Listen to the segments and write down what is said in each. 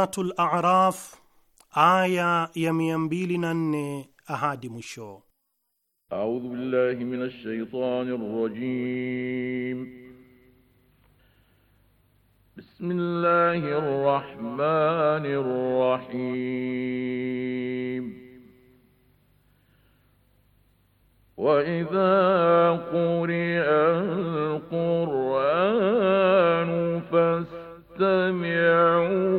Suratul Araf aya ya mia mbili na nne ahadi mwisho. Audhu billahi minash shaitani rajim. بسم الله الرحمن الرحيم وإذا قرئ القرآن فاستمعوا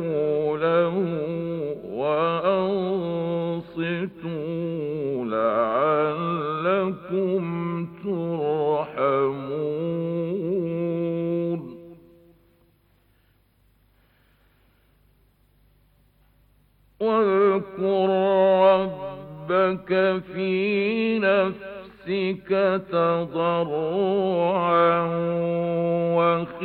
واذكر ربك في نفسك تضرعا وخيفة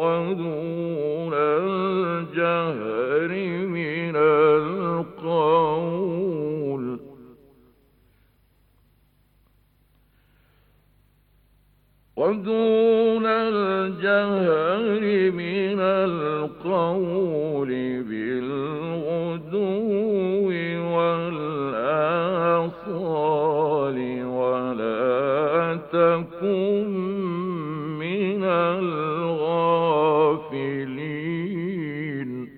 ودون الجهر من القول الجهر من القول بالغدو والآصال ولا تكن من الغافلين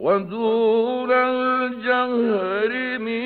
ودون الجهر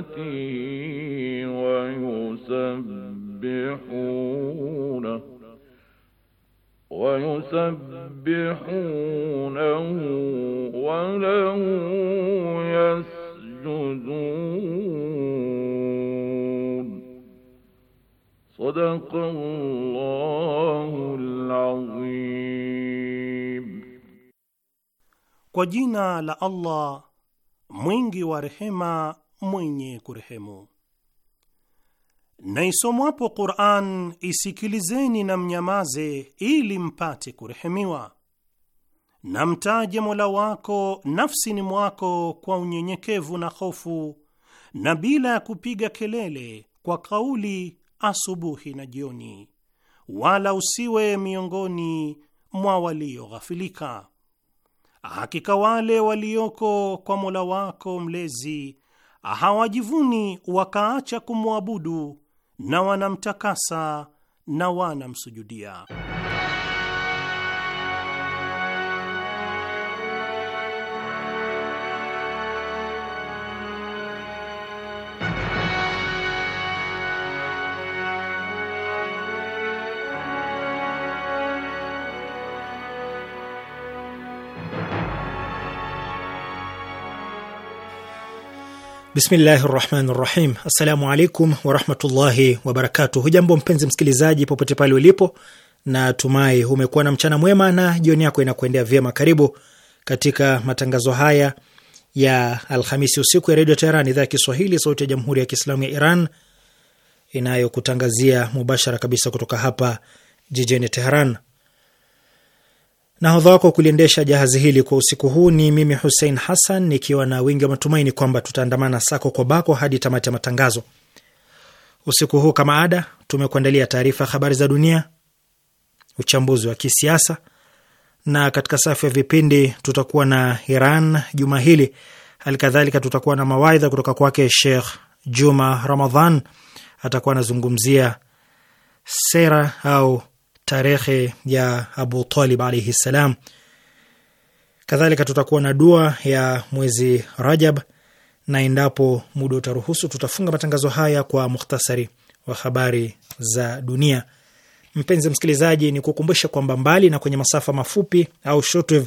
ويسبحونه ويسبحونه وله يسجدون صدق الله العظيم Kwa jina la Allah mwingi wa rehema mwenye kurehemu. Na isomwapo Qur'an isikilizeni na mnyamaze, ili mpate kurehemiwa. Na mtaje Mola wako nafsini mwako kwa unyenyekevu na hofu, na bila ya kupiga kelele, kwa kauli asubuhi na jioni, wala usiwe miongoni mwa walioghafilika. Hakika wale walioko kwa Mola wako mlezi hawajivuni wakaacha kumwabudu na wanamtakasa na wanamsujudia. Bismillahi rahmani rahim. Assalamu alaikum warahmatullahi wabarakatu Hujambo mpenzi msikilizaji, popote pale ulipo, na tumai umekuwa na mchana mwema na jioni yako inakuendea vyema. Karibu katika matangazo haya ya Alhamisi usiku ya redio Teheran, idhaa ya Kiswahili, sauti ya jamhuri ya kiislamu ya Iran, inayokutangazia mubashara kabisa kutoka hapa jijini Teheran. Nahodha wako kuliendesha jahazi hili kwa usiku huu ni mimi Hussein Hassan, nikiwa na wingi wa matumaini kwamba tutaandamana sako kwa bako hadi tamati ya matangazo usiku huu. Kama ada, tumekuandalia taarifa ya habari za dunia, uchambuzi wa kisiasa, na katika safu ya vipindi tutakuwa na Iran juma hili. Halikadhalika tutakuwa na mawaidha kutoka kwake Sheikh Juma Ramadhan, atakuwa anazungumzia sera au tarehe ya Abu Talib alaihi ssalam. Kadhalika tutakuwa na dua ya mwezi Rajab, na endapo muda utaruhusu, tutafunga matangazo haya kwa mukhtasari wa habari za dunia. Mpenzi msikilizaji, ni kukumbusha kwamba mbali na kwenye masafa mafupi au shortwave,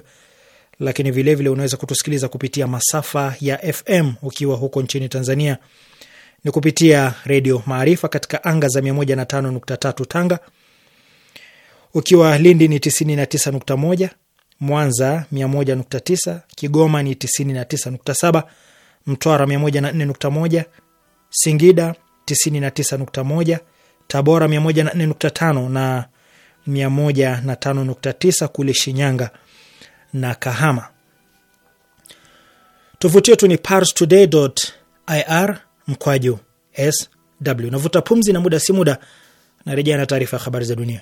lakini vilevile vile unaweza kutusikiliza kupitia masafa ya FM ukiwa huko nchini Tanzania ni kupitia Redio Maarifa katika anga za 105.3 Tanga ukiwa Lindi ni 99.1, Mwanza 101.9, Kigoma ni 99.7, Mtwara 104.1, Singida 99.1, Tabora 104.5 na 105.9 kule Shinyanga na Kahama. Tovuti yetu ni parstoday.ir mkwaju sw. Navuta pumzi na muda si muda narejea na taarifa ya habari za dunia.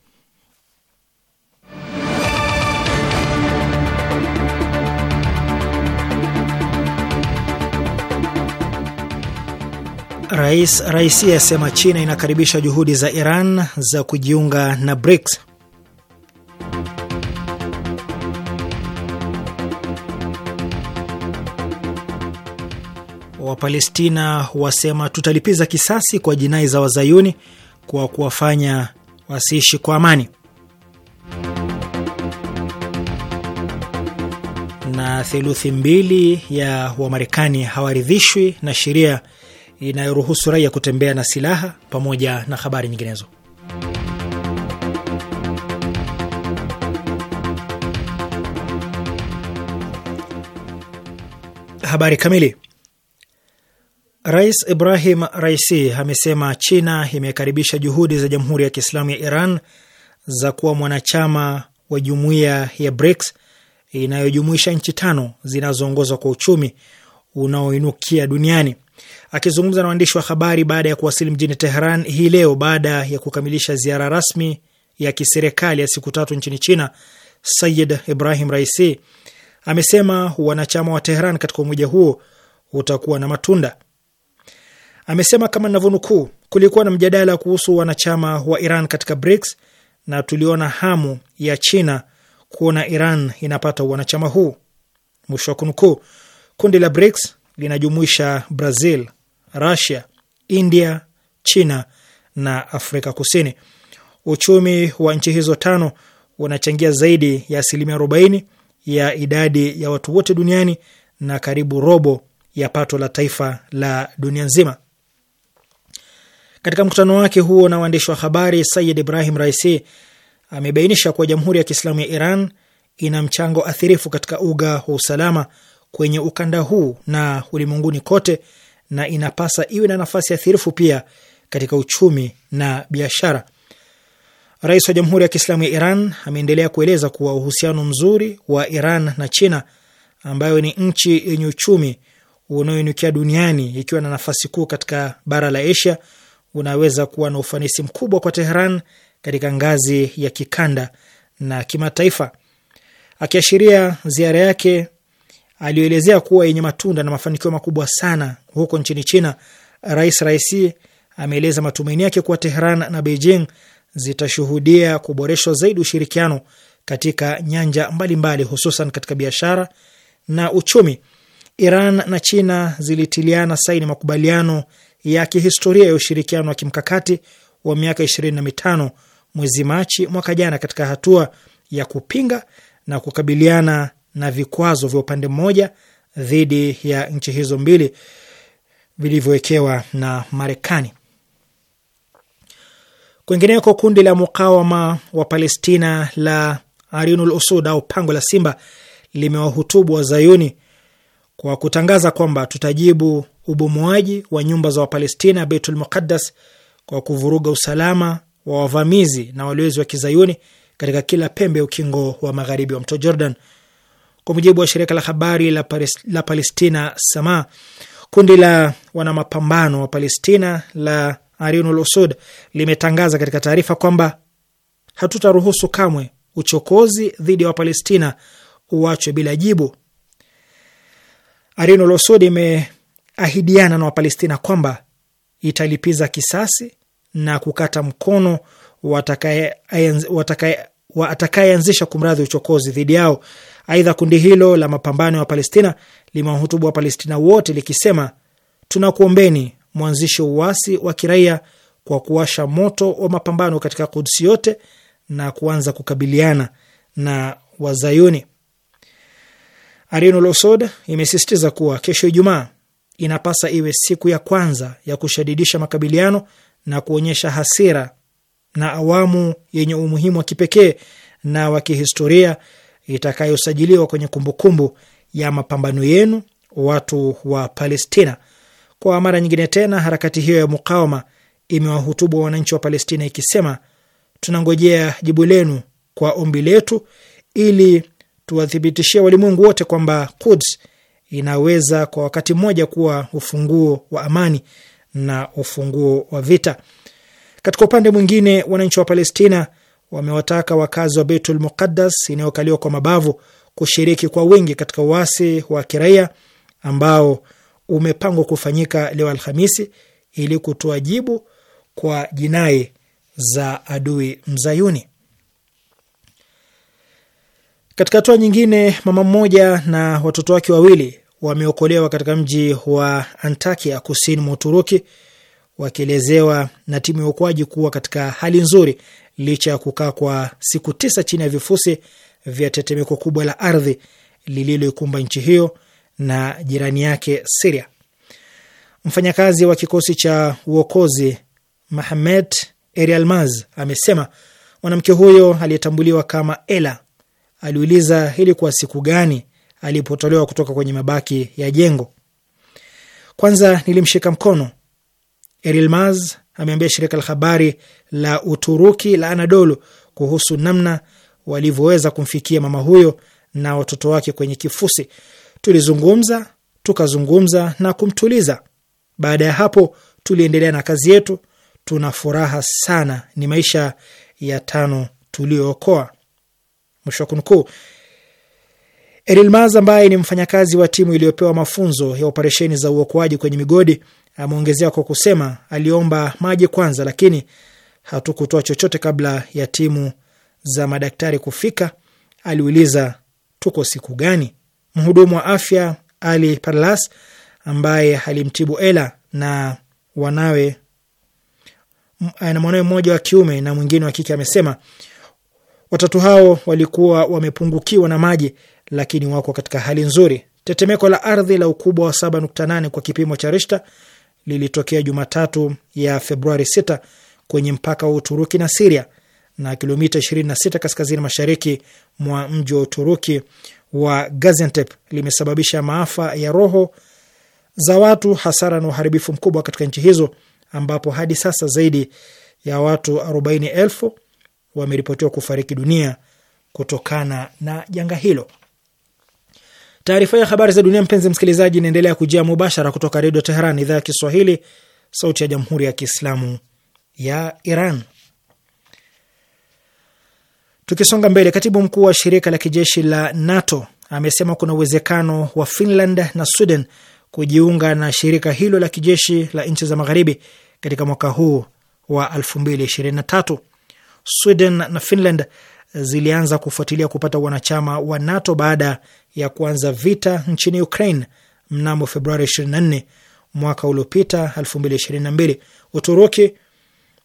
Rais Raisi asema China inakaribisha juhudi za Iran za kujiunga na BRICS. Wapalestina wasema tutalipiza kisasi kwa jinai za wazayuni kwa kuwafanya wasiishi kwa amani. na theluthi mbili ya Wamarekani hawaridhishwi na sheria inayoruhusu raia kutembea na silaha pamoja na habari nyinginezo. Habari kamili. Rais Ibrahim Raisi amesema China imekaribisha juhudi za Jamhuri ya Kiislamu ya Iran za kuwa mwanachama wa jumuiya ya BRICS inayojumuisha nchi tano zinazoongozwa kwa uchumi unaoinukia duniani. Akizungumza na waandishi wa habari baada ya kuwasili mjini Tehran hii leo baada ya kukamilisha ziara rasmi ya kiserikali ya siku tatu nchini China, Sayid Ibrahim Raisi amesema wanachama wa Tehran katika umoja huo utakuwa na matunda. Amesema kama navyonukuu, kulikuwa na mjadala kuhusu wanachama wa Iran katika BRICS na tuliona hamu ya China kuona Iran inapata wanachama huu, mwisho wa kunukuu. Kundi la BRICS linajumuisha Brazil, Rusia, India, China na Afrika Kusini. Uchumi wa nchi hizo tano unachangia zaidi ya asilimia 40 ya idadi ya watu wote duniani na karibu robo ya pato la taifa la dunia nzima. Katika mkutano wake huo na waandishi wa habari, Sayid Ibrahim Raisi amebainisha kuwa Jamhuri ya Kiislamu ya Iran ina mchango athirifu katika uga wa usalama kwenye ukanda huu na ulimwenguni kote, na inapasa iwe na nafasi athirifu pia katika uchumi na biashara. Rais wa Jamhuri ya Kiislamu ya Iran ameendelea kueleza kuwa uhusiano mzuri wa Iran na China, ambayo ni nchi yenye uchumi unaoinukia duniani ikiwa na nafasi kuu katika bara la Asia, unaweza kuwa na ufanisi mkubwa kwa Teheran katika ngazi ya kikanda na kimataifa. Akiashiria ziara yake aliyoelezea kuwa yenye matunda na mafanikio makubwa sana huko nchini China, Rais Raisi ameeleza matumaini yake kuwa Tehran na Beijing zitashuhudia kuboreshwa zaidi ushirikiano katika nyanja mbalimbali mbali, hususan katika biashara na uchumi. Iran na China zilitiliana saini makubaliano ya kihistoria ya ushirikiano wa kimkakati wa miaka ishirini na mitano mwezi Machi mwaka jana katika hatua ya kupinga na kukabiliana na vikwazo vya upande mmoja dhidi ya nchi hizo mbili vilivyowekewa na Marekani. Kwingineko, kundi la mukawama wa Palestina la Arinul Usud au pango la Simba limewahutubu wazayuni kwa kutangaza kwamba tutajibu ubomoaji wa nyumba za Wapalestina Beitul Muqaddas kwa kuvuruga usalama wa wavamizi na walowezi wa kizayuni katika kila pembe ya ukingo wa magharibi wa mto Jordan. Kwa mujibu wa shirika la habari la, Paris, la Palestina Sama, kundi la wanamapambano wa Palestina la Arinul Usud limetangaza katika taarifa kwamba hatutaruhusu kamwe uchokozi dhidi ya Wapalestina uachwe bila jibu. Arinul Usud imeahidiana na Wapalestina kwamba italipiza kisasi na kukata mkono watakayeanzisha kumradhi uchokozi dhidi yao. Aidha, kundi hilo la mapambano ya Palestina limewahutubu Wapalestina wote likisema, tunakuombeni mwanzishi uasi wa kiraia kwa kuwasha moto wa mapambano katika Kudsi yote na kuanza kukabiliana na Wazayuni. arino losod imesisitiza kuwa kesho Ijumaa inapasa iwe siku ya kwanza ya kushadidisha makabiliano na kuonyesha hasira na awamu yenye umuhimu wa kipekee na wa kihistoria itakayosajiliwa kwenye kumbukumbu ya mapambano yenu watu wa Palestina. Kwa mara nyingine tena, harakati hiyo ya mukawama imewahutubu wananchi wa Palestina ikisema, tunangojea jibu lenu kwa ombi letu ili tuwathibitishie walimwengu wote kwamba Quds inaweza kwa wakati mmoja kuwa ufunguo wa amani na ufunguo wa vita. Katika upande mwingine, wananchi wa Palestina wamewataka wakazi wa Beitul Muqaddas inayokaliwa kwa mabavu kushiriki kwa wingi katika uasi wa kiraia ambao umepangwa kufanyika leo Alhamisi ili kutoa jibu kwa jinai za adui mzayuni. Katika hatua nyingine, mama mmoja na watoto wake wawili wameokolewa katika mji wa Antakya kusini mwa Uturuki, wakielezewa na timu ya uokoaji kuwa katika hali nzuri licha ya kukaa kwa siku tisa chini ya vifusi vya tetemeko kubwa la ardhi lililoikumba nchi hiyo na jirani yake Siria. Mfanyakazi wa kikosi cha uokozi Mahamed Eri Almaz amesema mwanamke huyo aliyetambuliwa kama Ela aliuliza kwa siku gani alipotolewa kutoka kwenye mabaki ya jengo. Kwanza nilimshika mkono, Erilmaz ameambia shirika la habari la Uturuki la Anadolu kuhusu namna walivyoweza kumfikia mama huyo na watoto wake kwenye kifusi. Tulizungumza, tukazungumza na kumtuliza. Baada ya hapo, tuliendelea na kazi yetu. Tuna furaha sana, ni maisha ya tano tuliyookoa. Mwisho wa kunukuu. ambaye ni mfanyakazi wa timu iliyopewa mafunzo ya operesheni za uokoaji kwenye migodi ameongezea kwa kusema aliomba maji kwanza, lakini hatukutoa chochote kabla ya timu za madaktari kufika. Aliuliza tuko siku gani? Mhudumu wa afya Ali Parlas ambaye alimtibu Ela na wanawe na mwanawe mmoja wa kiume na mwingine wa kike amesema watatu hao walikuwa wamepungukiwa na maji, lakini wako katika hali nzuri. Tetemeko la ardhi la ukubwa wa 7.8 kwa kipimo cha Richter lilitokea Jumatatu ya Februari 6 kwenye mpaka wa Uturuki na Siria na kilomita 26 kaskazini mashariki mwa mji wa Uturuki wa Gaziantep limesababisha maafa ya roho za watu, hasara na uharibifu mkubwa katika nchi hizo, ambapo hadi sasa zaidi ya watu elfu wameripotiwa kufariki dunia kutokana na janga hilo. Taarifa ya habari za dunia, mpenzi msikilizaji, inaendelea kujia mubashara kutoka Redio Teheran, idhaa ya Kiswahili, sauti ya Jamhuri ya Kiislamu ya Iran. Tukisonga mbele, katibu mkuu wa shirika la kijeshi la NATO amesema kuna uwezekano wa Finland na Sweden kujiunga na shirika hilo la kijeshi la nchi za magharibi katika mwaka huu wa 2023. Sweden na Finland zilianza kufuatilia kupata wanachama wa NATO baada ya kuanza vita nchini Ukraine mnamo Februari 24 mwaka uliopita 2022. Uturuki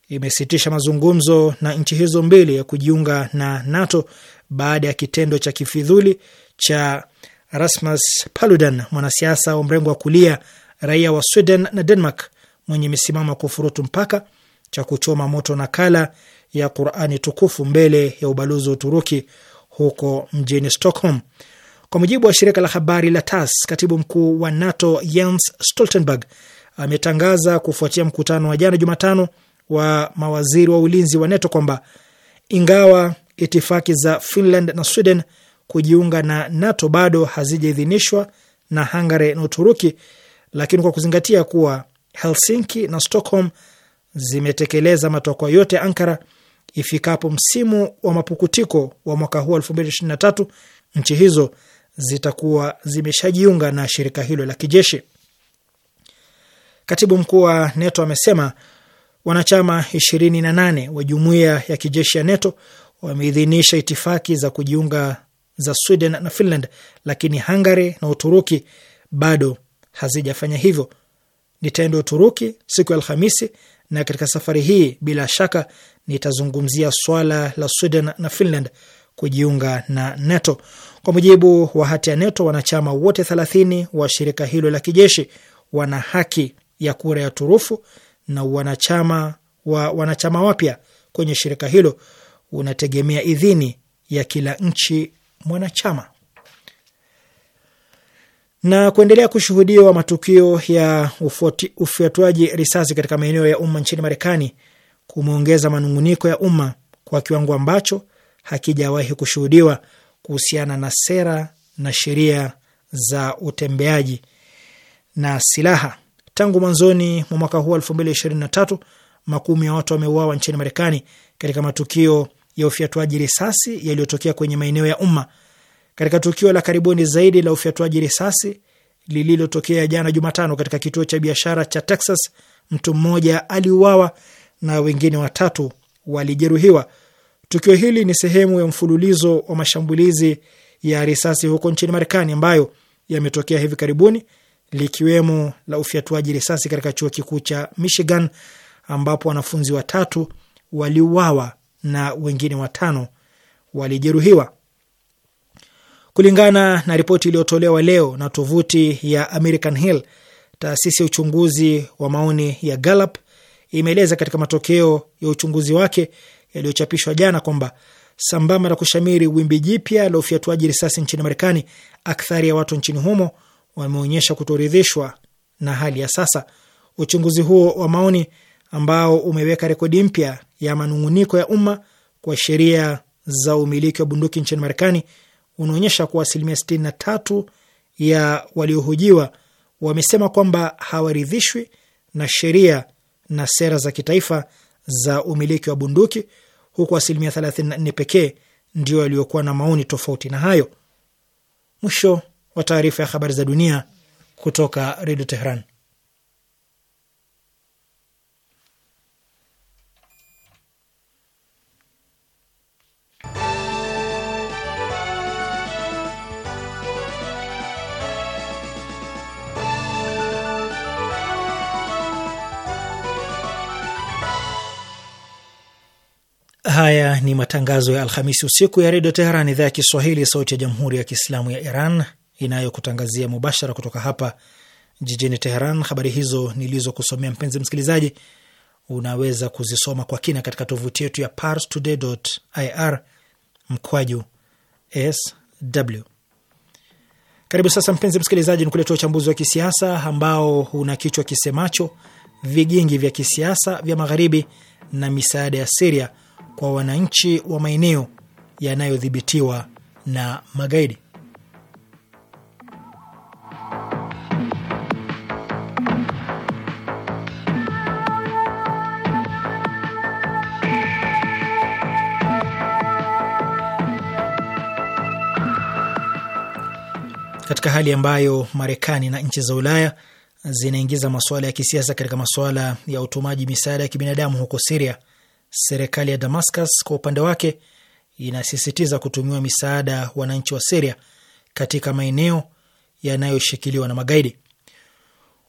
imesitisha mazungumzo na nchi hizo mbili ya kujiunga na NATO baada ya kitendo cha kifidhuli cha Rasmus Paludan, mwanasiasa wa mrengo wa kulia raia wa Sweden na Denmark mwenye misimamo ya kufurutu mpaka cha kuchoma moto nakala ya Qurani tukufu mbele ya ubalozi wa Uturuki huko mjini Stockholm. Kwa mujibu wa shirika la habari la tas katibu mkuu wa NATO Jens Stoltenberg ametangaza kufuatia mkutano wa jana Jumatano wa mawaziri wa ulinzi wa NATO kwamba ingawa itifaki za Finland na Sweden kujiunga na NATO bado hazijaidhinishwa na Hungary na Uturuki, lakini kwa kuzingatia kuwa Helsinki na Stockholm zimetekeleza matakwa yote Ankara ifikapo msimu wa mapukutiko wa mwaka huu tatu nchi hizo zitakuwa zimeshajiunga na shirika hilo la kijeshi. Katibu mkuu wa NATO amesema wanachama nane wa jumuiya ya kijeshi ya NATO wameidhinisha itifaki za kujiunga za Sweden na Finland, lakini Hungary na Uturuki bado hazijafanya hivyo. Nitaenda Uturuki siku ya Alhamisi, na katika safari hii bila shaka nitazungumzia swala la Sweden na Finland kujiunga na NATO. Kwa mujibu wa hati ya NATO, wanachama wote thelathini wa shirika hilo la kijeshi wana haki ya kura ya turufu na wanachama wa wanachama wapya kwenye shirika hilo unategemea idhini ya kila nchi mwanachama. Na kuendelea kushuhudiwa matukio ya ufuatuaji risasi katika maeneo ya umma nchini Marekani kumeongeza manunguniko ya umma kwa kiwango ambacho hakijawahi kushuhudiwa kuhusiana na sera na sheria za utembeaji na silaha. Tangu mwanzoni mwa mwaka huu tatu. makumi ya watu wameuawa nchini Marekani katika matukio ya ufyatuaji risasi yaliyotokea kwenye maeneo ya umma. Katika tukio la karibuni zaidi la ufyatuaji risasi lililotokea jana Jumatano katika kituo cha biashara cha Texas, mtu mmoja aliuawa na wengine watatu walijeruhiwa. Tukio hili ni sehemu ya mfululizo wa mashambulizi ya risasi huko nchini Marekani ambayo yametokea hivi karibuni, likiwemo la ufyatuaji risasi katika chuo kikuu cha Michigan ambapo wanafunzi watatu waliuawa na wengine watano walijeruhiwa. Kulingana na ripoti iliyotolewa leo na tovuti ya American Hill, taasisi ya uchunguzi wa maoni ya Gallup imeeleza katika matokeo ya uchunguzi wake yaliyochapishwa jana kwamba sambamba na kushamiri wimbi jipya la ufyatuaji risasi nchini Marekani, akthari ya watu nchini humo wameonyesha kutoridhishwa na hali ya sasa. Uchunguzi huo wa maoni ambao umeweka rekodi mpya ya manung'uniko ya umma kwa sheria za umiliki wa bunduki nchini Marekani unaonyesha kuwa asilimia tatu ya waliohojiwa wamesema kwamba hawaridhishwi na sheria na sera za kitaifa za umiliki wa bunduki, huku asilimia 34 pekee ndio yaliyokuwa na maoni tofauti na hayo. Mwisho wa taarifa ya habari za dunia kutoka Redio Tehran. Haya ni matangazo ya Alhamisi usiku ya Redio Teheran, idhaa ya Kiswahili, sauti ya Jamhuri ya Kiislamu ya Iran, inayokutangazia mubashara kutoka hapa jijini Teheran. Habari hizo nilizokusomea, mpenzi msikilizaji, unaweza kuzisoma kwa kina katika tovuti yetu ya parstoday.ir mkwaju sw. Karibu sasa, mpenzi msikilizaji, ni kuletea uchambuzi wa kisiasa ambao una kichwa kisemacho vigingi vya kisiasa vya magharibi na misaada ya Siria kwa wananchi wa maeneo yanayodhibitiwa na magaidi. Katika hali ambayo Marekani na nchi za Ulaya zinaingiza masuala ya kisiasa katika masuala ya utumaji misaada ya kibinadamu huko Siria, Serikali ya Damascus kwa upande wake inasisitiza kutumiwa misaada wananchi wa Siria katika maeneo yanayoshikiliwa na magaidi.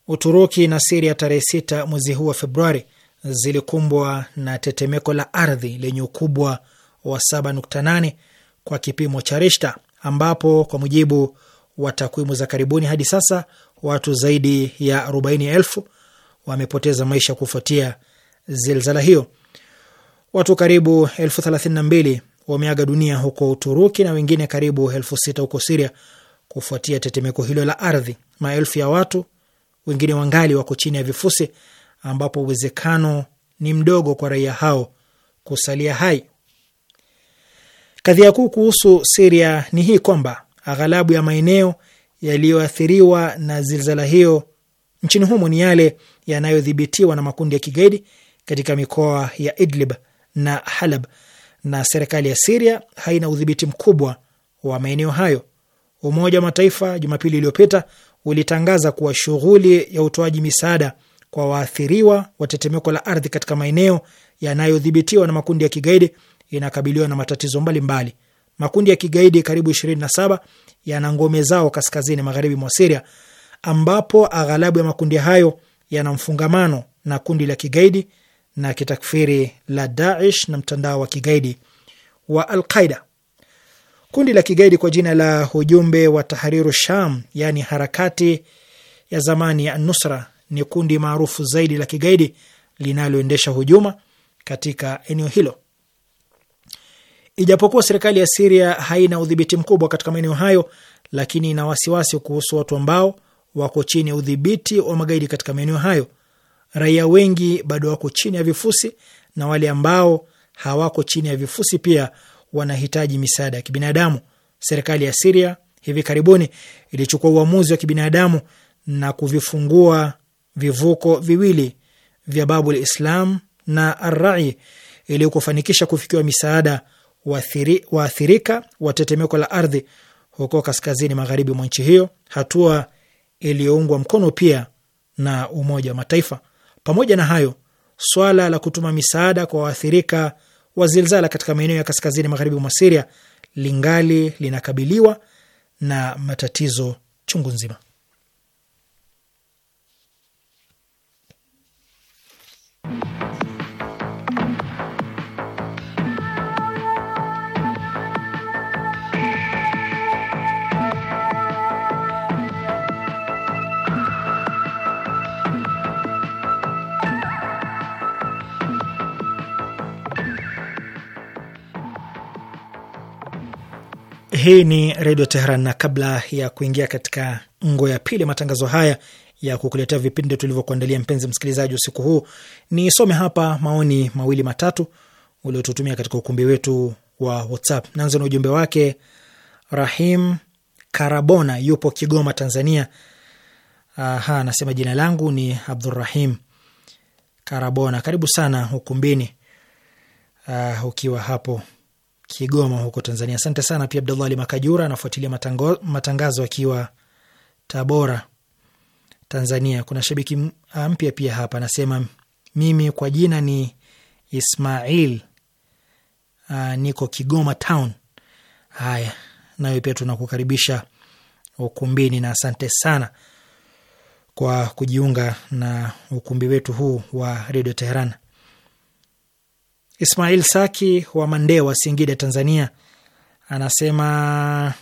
Uturuki na Siria tarehe sita mwezi huu wa Februari zilikumbwa na tetemeko la ardhi lenye ukubwa wa 7.8 kwa kipimo cha Rishta, ambapo kwa mujibu wa takwimu za karibuni hadi sasa watu zaidi ya 40,000 wamepoteza maisha kufuatia zilzala hiyo. Watu karibu elfu thelathini na mbili wameaga dunia huko Uturuki na wengine karibu elfu sita huko Siria kufuatia tetemeko hilo la ardhi. Maelfu ya watu wengine wangali wako chini ya vifusi, ambapo uwezekano ni mdogo kwa raia hao kusalia hai. Kadhia kuu kuhusu Siria ni hii kwamba aghalabu ya maeneo yaliyoathiriwa na zilzala hiyo nchini humo ni yale yanayodhibitiwa na makundi ya kigaidi katika mikoa ya Idlib na Halab, na serikali ya Siria haina udhibiti mkubwa wa maeneo hayo. Umoja wa Mataifa Jumapili iliyopita ulitangaza kuwa shughuli ya utoaji misaada kwa waathiriwa wa tetemeko la ardhi katika maeneo yanayodhibitiwa na makundi ya kigaidi inakabiliwa na matatizo mbalimbali mbali. Makundi ya kigaidi karibu 27 yana ngome zao kaskazini magharibi mwa Siria, ambapo aghalabu ya makundi hayo yana mfungamano na kundi la kigaidi na kitakfiri la Daesh na mtandao wa kigaidi wa Alqaida. Kundi la kigaidi kwa jina la ujumbe wa Tahariru Sham, yaani harakati ya zamani ya Nusra, ni kundi maarufu zaidi la kigaidi linaloendesha hujuma katika eneo hilo. Ijapokuwa serikali ya Siria haina udhibiti mkubwa katika maeneo hayo, lakini ina wasiwasi kuhusu watu ambao wako chini ya udhibiti wa magaidi katika maeneo hayo raia wengi bado wako chini ya vifusi na wale ambao hawako chini ya vifusi pia wanahitaji misaada ya kibinadamu. Serikali ya Siria hivi karibuni ilichukua uamuzi wa kibinadamu na kuvifungua vivuko viwili vya Babul Islam na Arrai ili kufanikisha kufikiwa misaada waathirika wa tetemeko la ardhi huko kaskazini magharibi mwa nchi hiyo, hatua iliyoungwa mkono pia na Umoja wa Mataifa. Pamoja na hayo, swala la kutuma misaada kwa waathirika wa zilzala katika maeneo ya kaskazini magharibi mwa Siria lingali linakabiliwa na matatizo chungu nzima. Hii ni Redio Teheran, na kabla ya kuingia katika ngo ya pili matangazo haya ya kukuletea vipindi tulivyokuandalia, mpenzi msikilizaji, usiku huu, nisome hapa maoni mawili matatu uliotutumia katika ukumbi wetu wa WhatsApp. Naanza na ujumbe wake Rahim Karabona, yupo Kigoma, Tanzania. Aha, anasema jina langu ni abdurahim Karabona, karibu sana ukumbini. Uh, ukiwa hapo Kigoma huko Tanzania. Asante sana pia Abdullah Ali Makajura anafuatilia matango, matangazo akiwa Tabora, Tanzania. Kuna shabiki ah, mpya pia hapa anasema, mimi kwa jina ni Ismail, aa, ah, niko Kigoma town. Haya, nayo pia tunakukaribisha ukumbini na asante sana kwa kujiunga na ukumbi wetu huu wa redio Teheran. Ismail Saki wa Mandewa, Singida, Tanzania, anasema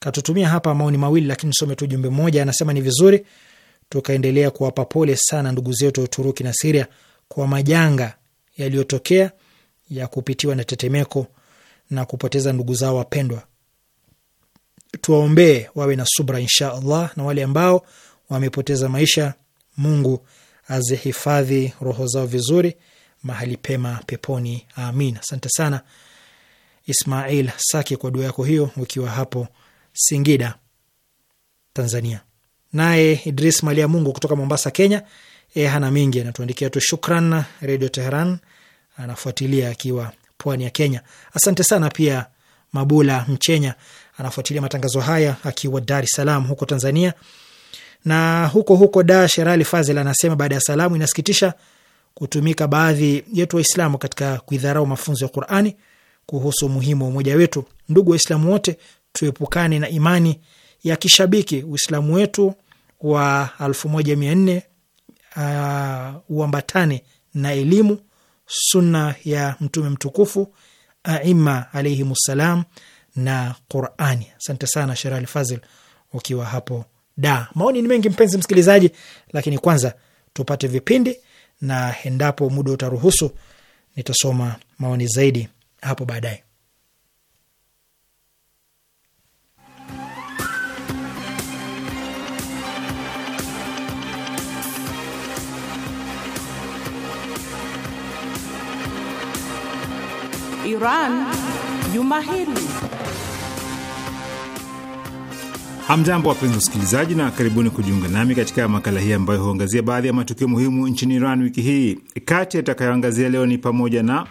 katutumia hapa maoni mawili, lakini some tu jumbe moja. Anasema ni vizuri tukaendelea kuwapa pole sana ndugu zetu wa Uturuki na Siria kwa majanga yaliyotokea ya kupitiwa na tetemeko na kupoteza ndugu zao wapendwa. Tuwaombee wawe na subra, insha Allah, na wale ambao wamepoteza maisha, Mungu azihifadhi roho zao vizuri mahali pema peponi, amin. Asante sana Ismail Saki kwa dua yako hiyo, ukiwa hapo Singida, Tanzania. Naye Idris Malia Mungu kutoka Mombasa, Kenya, e, hana mingi, anatuandikia tu shukran. Redio Teheran anafuatilia akiwa pwani ya Kenya. Asante sana pia Mabula Mchenya anafuatilia matangazo haya akiwa Dar es Salaam huko Tanzania. Na huko huko da Sherali Fazil anasema baada ya salamu, inasikitisha kutumika baadhi yetu Waislamu katika kuidharau mafunzo ya Qurani kuhusu umuhimu wa umoja wetu. Ndugu Waislamu wote, tuepukane na imani ya kishabiki. Uislamu wetu wa elfu moja mia nne uh, uambatane na elimu, sunna ya Mtume mtukufu aima ssalam na Qurani. Asante sana Sherali Fazil ukiwa hapo da. Maoni ni mengi mpenzi msikilizaji, lakini kwanza tupate vipindi na endapo muda utaruhusu nitasoma maoni zaidi hapo baadaye. Iran juma hili Hamjambo, wapenzi wasikilizaji, na karibuni kujiunga nami katika makala hii ambayo huangazia baadhi ya matukio muhimu nchini Iran wiki hii. Kati yatakayoangazia leo ni pamoja na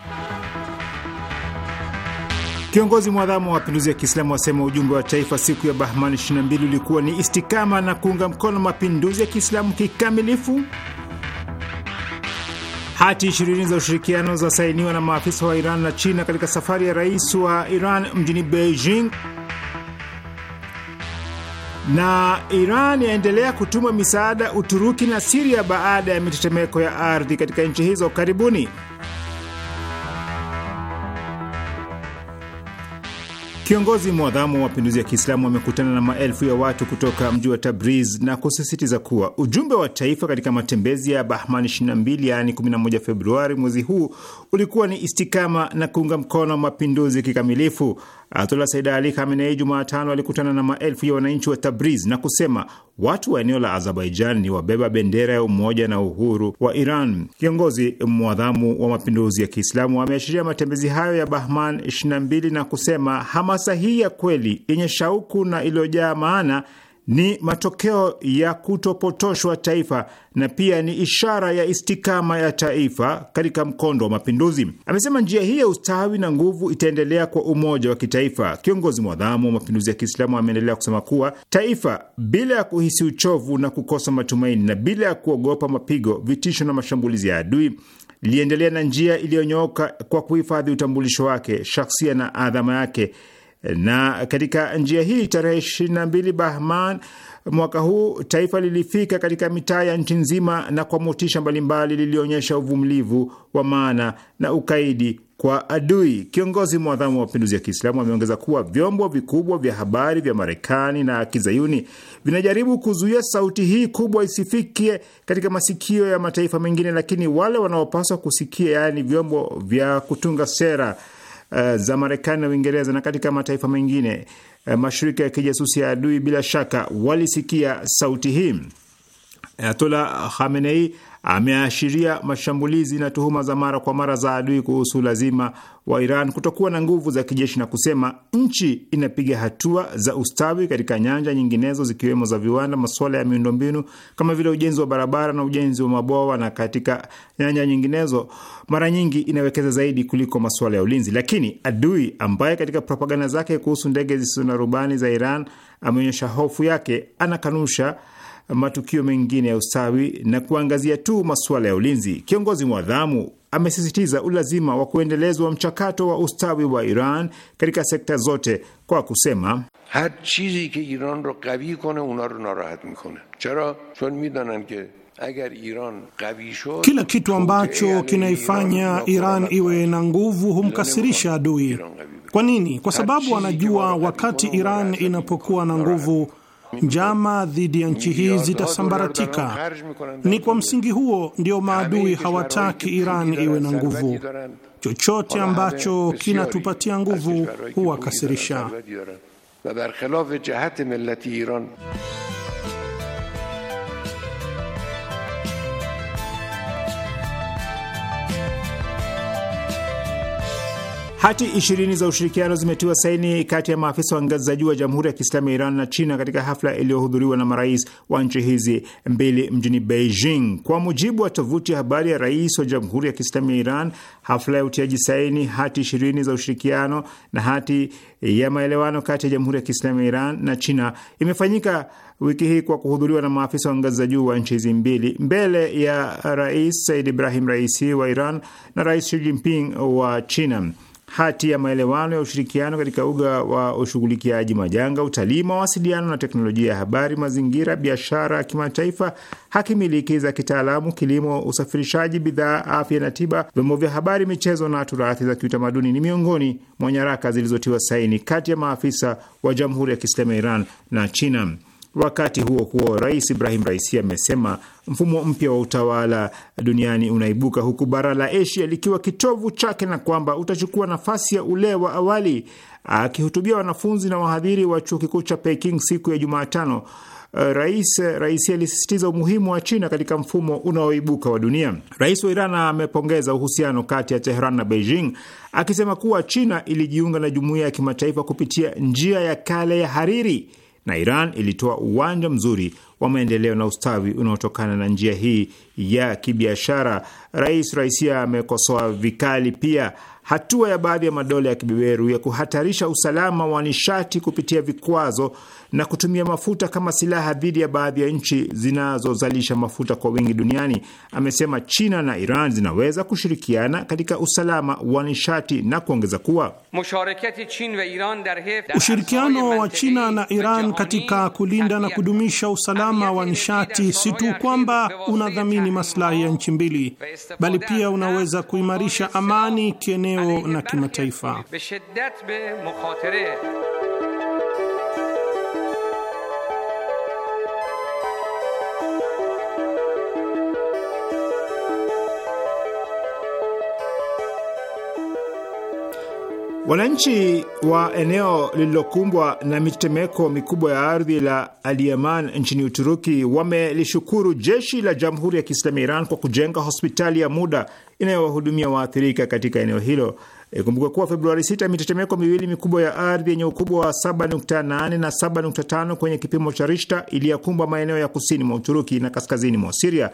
kiongozi mwadhamu wa mapinduzi ya Kiislamu wasema ujumbe wa taifa siku ya Bahman 22 ulikuwa ni istikama na kuunga mkono mapinduzi ya Kiislamu kikamilifu. Hati ishirini za ushirikiano zasainiwa na maafisa wa Iran na China katika safari ya rais wa Iran mjini Beijing na Iran yaendelea kutuma misaada Uturuki na Siria baada ya mitetemeko ya ardhi katika nchi hizo. Karibuni. Kiongozi mwadhamu wa mapinduzi ya Kiislamu wamekutana na maelfu ya watu kutoka mji wa Tabriz na kusisitiza kuwa ujumbe wa taifa katika matembezi ya Bahman 22 yaani 11 Februari mwezi huu ulikuwa ni istikama na kuunga mkono mapinduzi kikamilifu. Ayatullah Said Ali Khamenei Jumatano alikutana na maelfu ya wananchi wa Tabriz na kusema watu wa eneo la Azerbaijan ni wabeba bendera ya umoja na uhuru wa Iran. Kiongozi mwadhamu wa mapinduzi ya Kiislamu ameashiria matembezi hayo ya Bahman 22 na kusema hamasa hii ya kweli yenye shauku na iliyojaa maana ni matokeo ya kutopotoshwa taifa na pia ni ishara ya istikama ya taifa katika mkondo wa mapinduzi. Amesema njia hii ya ustawi na nguvu itaendelea kwa umoja wa kitaifa. Kiongozi mwadhamu wa mapinduzi ya Kiislamu ameendelea kusema kuwa taifa bila ya kuhisi uchovu na kukosa matumaini na bila ya kuogopa mapigo, vitisho na mashambulizi ya adui liendelea na njia iliyonyooka kwa kuhifadhi utambulisho wake, shaksia na adhama yake na katika njia hii tarehe 22 Bahman mwaka huu taifa lilifika katika mitaa ya nchi nzima, na kwa motisha mbalimbali lilionyesha uvumilivu wa maana na ukaidi kwa adui. Kiongozi mwadhamu wa mapinduzi ya Kiislamu ameongeza kuwa vyombo vikubwa vya habari vya Marekani na kizayuni vinajaribu kuzuia sauti hii kubwa isifikie katika masikio ya mataifa mengine, lakini wale wanaopaswa kusikia, yaani vyombo vya kutunga sera Eh, za Marekani na Uingereza na katika mataifa mengine uh, mashirika ya kijasusi ya adui bila shaka walisikia sauti hii. Ayatola Khamenei ameashiria mashambulizi na tuhuma za mara kwa mara za adui kuhusu lazima wa Iran kutokuwa na nguvu za kijeshi na kusema nchi inapiga hatua za ustawi katika nyanja nyinginezo zikiwemo za viwanda, masuala ya miundombinu kama vile ujenzi wa barabara na ujenzi wa mabwawa, na katika nyanja nyinginezo mara nyingi inawekeza zaidi kuliko masuala ya ulinzi. Lakini adui ambaye katika propaganda zake kuhusu ndege zisizo na rubani za Iran ameonyesha hofu yake, anakanusha matukio mengine ya ustawi na kuangazia tu masuala ya ulinzi. Kiongozi mwadhamu amesisitiza ulazima wa kuendelezwa mchakato wa ustawi wa Iran katika sekta zote kwa kusema har chizi ke iran ro qavi kone una ro narahat mikone chon midanan ke kila kitu ambacho kinaifanya Iran iwe na nguvu humkasirisha adui. Kwa nini? Kwa sababu anajua wakati Iran inapokuwa na nguvu njama dhidi ya nchi hii zitasambaratika. Ni kwa msingi huo ndio maadui hawataki Iran iwe na nguvu. Chochote ambacho kinatupatia nguvu huwakasirisha. Hati ishirini za ushirikiano zimetiwa saini kati ya maafisa wa ngazi za juu wa Jamhuri ya Kiislamu ya Iran na China katika hafla iliyohudhuriwa na marais wa nchi hizi mbili mjini Beijing. Kwa mujibu wa tovuti ya habari ya rais wa Jamhuri ya Kiislamu ya Iran, hafla ya utiaji saini hati ishirini za ushirikiano na hati ya maelewano kati ya Jamhuri ya Kiislamu ya Iran na China imefanyika wiki hii kwa kuhudhuriwa na maafisa wa ngazi za juu wa nchi hizi mbili mbele ya Rais Said Ibrahim Raisi wa Iran na Rais Xi Jinping wa China hati ya maelewano ya ushirikiano katika uga wa ushughulikiaji majanga, utalii, mawasiliano na teknolojia ya habari, mazingira, biashara kimataifa, haki miliki za kitaalamu, kilimo, usafirishaji bidhaa, afya na tiba, vyombo vya habari, michezo na turathi za kiutamaduni ni miongoni mwa nyaraka zilizotiwa saini kati ya maafisa wa Jamhuri ya Kiislamu ya Iran na China. Wakati huo huo, Rais Ibrahim Raisi amesema mfumo mpya wa utawala duniani unaibuka huku bara la Asia likiwa kitovu chake na kwamba utachukua nafasi ya ule wa awali. Akihutubia wanafunzi na wahadhiri wa chuo kikuu cha Peking siku ya Jumatano, eh, Rais Raisi alisisitiza umuhimu wa China katika mfumo unaoibuka wa dunia. Rais wa Iran amepongeza uhusiano kati ya Tehran na Beijing akisema kuwa China ilijiunga na jumuiya ya kimataifa kupitia njia ya kale ya hariri na Iran ilitoa uwanja mzuri wa maendeleo na ustawi unaotokana na njia hii ya kibiashara. Rais Raisia amekosoa vikali pia hatua ya baadhi ya madola ya kibeberu ya kuhatarisha usalama wa nishati kupitia vikwazo na kutumia mafuta kama silaha dhidi ya baadhi ya nchi zinazozalisha mafuta kwa wingi duniani. Amesema China na Iran zinaweza kushirikiana katika usalama wa nishati na kuongeza kuwa ushirikiano wa China na Iran katika kulinda na kudumisha usalama usalama wa nishati si tu kwamba unadhamini maslahi ya nchi mbili, bali pia unaweza kuimarisha amani kieneo na kimataifa. Wananchi wa eneo lililokumbwa na mitetemeko mikubwa ya ardhi la Aliyaman nchini Uturuki wamelishukuru jeshi la Jamhuri ya Kiislamu ya Iran kwa kujenga hospitali ya muda inayowahudumia waathirika katika eneo hilo. Ikumbuka kuwa Februari 6 mitetemeko miwili mikubwa ya ardhi yenye ukubwa wa 7.8 na 7.5 kwenye kipimo cha rishta iliyakumbwa maeneo ya kusini mwa Uturuki na kaskazini mwa Siria.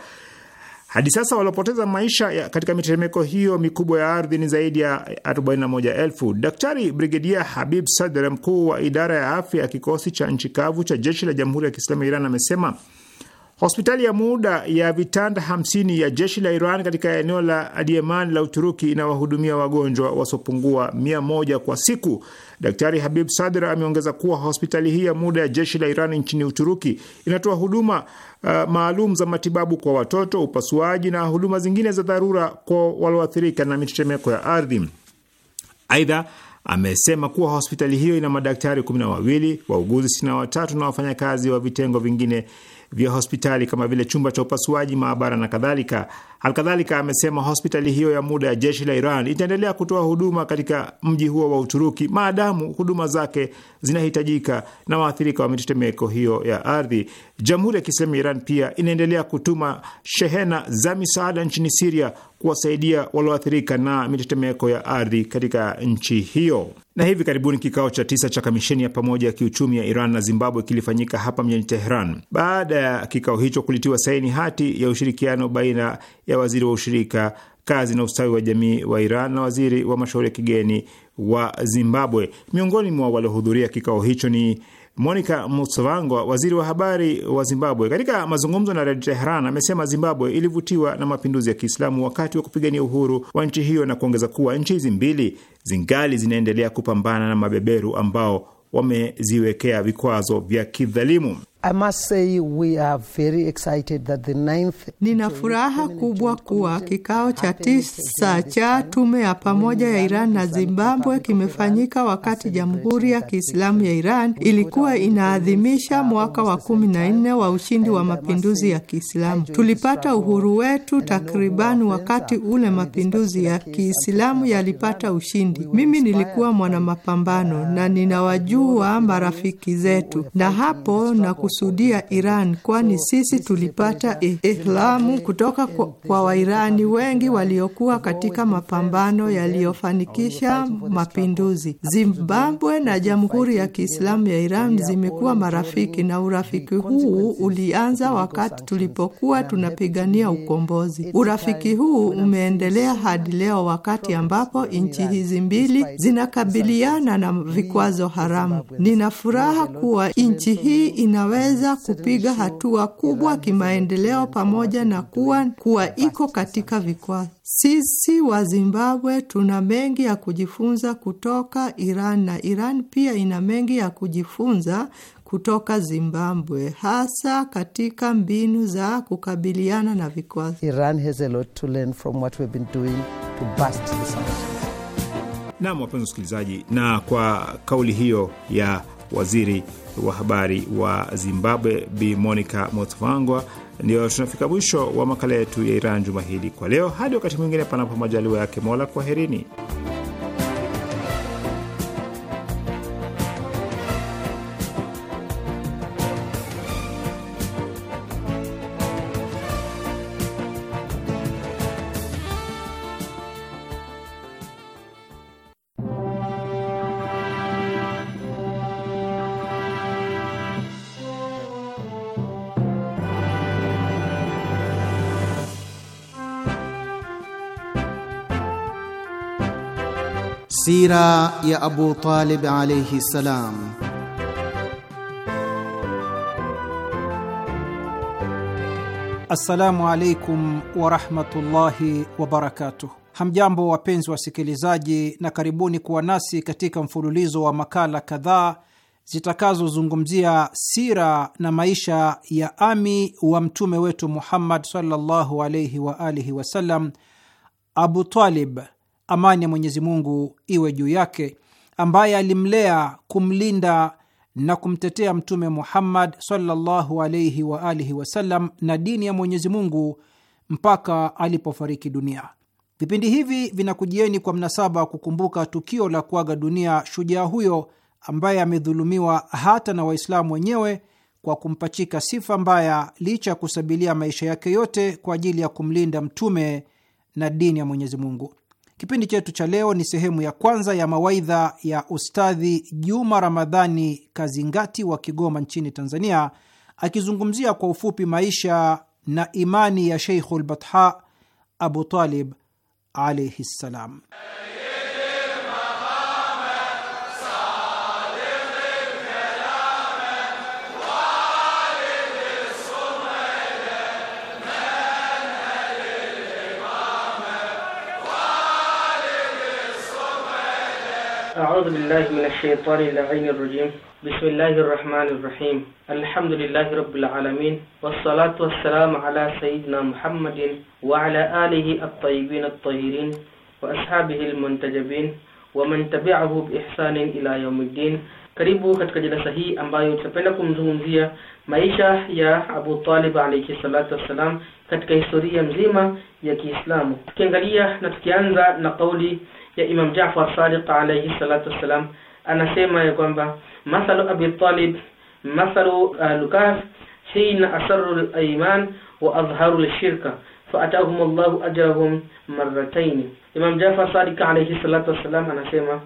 Hadi sasa waliopoteza maisha katika mitetemeko hiyo mikubwa ya ardhi ni zaidi ya 41,000. Daktari Brigedia Habib Sadr, mkuu wa idara ya afya ya kikosi cha nchi kavu cha jeshi la Jamhuri ya Kiislamu ya Iran, amesema Hospitali ya muda ya vitanda 50 ya jeshi la Iran katika eneo la Adieman la Uturuki inawahudumia wagonjwa wasiopungua 100 kwa siku. Daktari Habib Sadr ameongeza kuwa hospitali hii ya muda ya jeshi la Iran nchini Uturuki inatoa huduma uh, maalum za matibabu kwa watoto, upasuaji na huduma zingine za dharura kwa walioathirika na mitetemeko ya ardhi. Aidha, amesema kuwa hospitali hiyo ina madaktari 12, wauguzi 63 na wafanyakazi wa vitengo vingine vya hospitali kama vile chumba cha upasuaji, maabara na kadhalika. Alkadhalika amesema hospitali hiyo ya muda ya jeshi la Iran itaendelea kutoa huduma katika mji huo wa Uturuki maadamu huduma zake zinahitajika na waathirika wa mitetemeko hiyo ya ardhi. Jamhuri ya Kiislamu ya Iran pia inaendelea kutuma shehena za misaada nchini Siria kuwasaidia walioathirika na mitetemeko ya ardhi katika nchi hiyo. Na hivi karibuni kikao cha tisa cha kamisheni ya pamoja ya kiuchumi ya Iran na Zimbabwe kilifanyika hapa mjini Teheran. Baada ya kikao hicho, kulitiwa saini hati ya ushirikiano baina ya waziri wa ushirika, kazi na ustawi wa jamii wa Iran na waziri wa mashauri ya kigeni wa Zimbabwe. Miongoni mwa waliohudhuria kikao hicho ni Monica Mutsvangwa, waziri wa habari wa Zimbabwe. Katika mazungumzo na redio Tehran, amesema Zimbabwe ilivutiwa na mapinduzi ya Kiislamu wakati wa kupigania uhuru wa nchi hiyo, na kuongeza kuwa nchi hizi mbili zingali zinaendelea kupambana na mabeberu ambao wameziwekea vikwazo vya kidhalimu. Nina furaha kubwa kuwa kikao cha tisa cha tume ya pamoja ya Iran na Zimbabwe kimefanyika wakati Jamhuri ya Kiislamu ya Iran ilikuwa inaadhimisha mwaka wa kumi na nne wa ushindi wa mapinduzi ya Kiislamu. Tulipata uhuru wetu takriban wakati ule mapinduzi ya Kiislamu yalipata ushindi. Mimi nilikuwa mwanamapambano na uh, ninawajua marafiki zetu na hapo na kukusudia Iran, kwani sisi tulipata ihlamu kutoka kwa, kwa Wairani wengi waliokuwa katika mapambano yaliyofanikisha mapinduzi. Zimbabwe na Jamhuri ya Kiislamu ya Iran zimekuwa marafiki na urafiki huu ulianza wakati tulipokuwa tunapigania ukombozi. Urafiki huu umeendelea hadi leo wakati ambapo nchi hizi mbili zinakabiliana na vikwazo haramu. Nina furaha kuwa nchi hii inaweza imeweza kupiga hatua kubwa kimaendeleo pamoja na kuwa kuwa iko katika vikwazo. Sisi wa Zimbabwe tuna mengi ya kujifunza kutoka Iran na Iran pia ina mengi ya kujifunza kutoka Zimbabwe hasa katika mbinu za kukabiliana na vikwazo. Iran has a lot to learn from what we've been doing to bust the sanctions. Naam, wapenzi wasikilizaji, na kwa kauli hiyo ya waziri wa habari wa Zimbabwe Bi Monica Motvangwa. Ndio tunafika mwisho wa makala yetu ya Iran juma hili kwa leo. Hadi wakati mwingine, panapo majaliwa yake Mola, kwaherini. Sira ya Abu Talib alayhi salam. Assalamu alaikum warahmatullahi wabarakatuh. Hamjambo wapenzi wasikilizaji, na karibuni kuwa nasi katika mfululizo wa makala kadhaa zitakazozungumzia sira na maisha ya ami wa mtume wetu Muhammad sallallahu alayhi wa alihi wasallam, Abu Talib amani ya Mwenyezi Mungu iwe juu yake, ambaye alimlea, kumlinda na kumtetea Mtume Muhammad sallallahu wa alihi wasallam na dini ya Mwenyezi Mungu mpaka alipofariki dunia. Vipindi hivi vinakujieni kwa mnasaba wa kukumbuka tukio la kuaga dunia shujaa huyo ambaye amedhulumiwa hata na Waislamu wenyewe kwa kumpachika sifa mbaya licha ya kusabilia maisha yake yote kwa ajili ya kumlinda mtume na dini ya Mwenyezi Mungu. Kipindi chetu cha leo ni sehemu ya kwanza ya mawaidha ya Ustadhi Juma Ramadhani Kazingati wa Kigoma nchini Tanzania, akizungumzia kwa ufupi maisha na imani ya Sheikhul Batha Abu Talib alaihi ssalam. أعوذ بالله من الشيطان اللعين الرجيم بسم الله الرحمن الرحيم الحمد لله رب العالمين والصلاة والسلام على سيدنا محمد وعلى آله الطيبين الطهيرين وأصحابه المنتجبين ومن تبعه بإحسان إلى يوم الدين karibu katika jalsa hii ambayo tutapenda kumzungumzia maisha ya abu talib alaihi salatu wassalam katika historia mzima ya kiislamu tukiangalia na tukianza na kauli ya Imam Jaafar Sadiq alayhi salatu wassalam, anasema ya kwamba mathalu Abi Talib mathalu uh, Lukas hina asarru al-iman wa azharu al-shirka faatahum Allahu ajrahum marratayn. Imam Jaafar Sadiq alayhi salatu wassalam anasema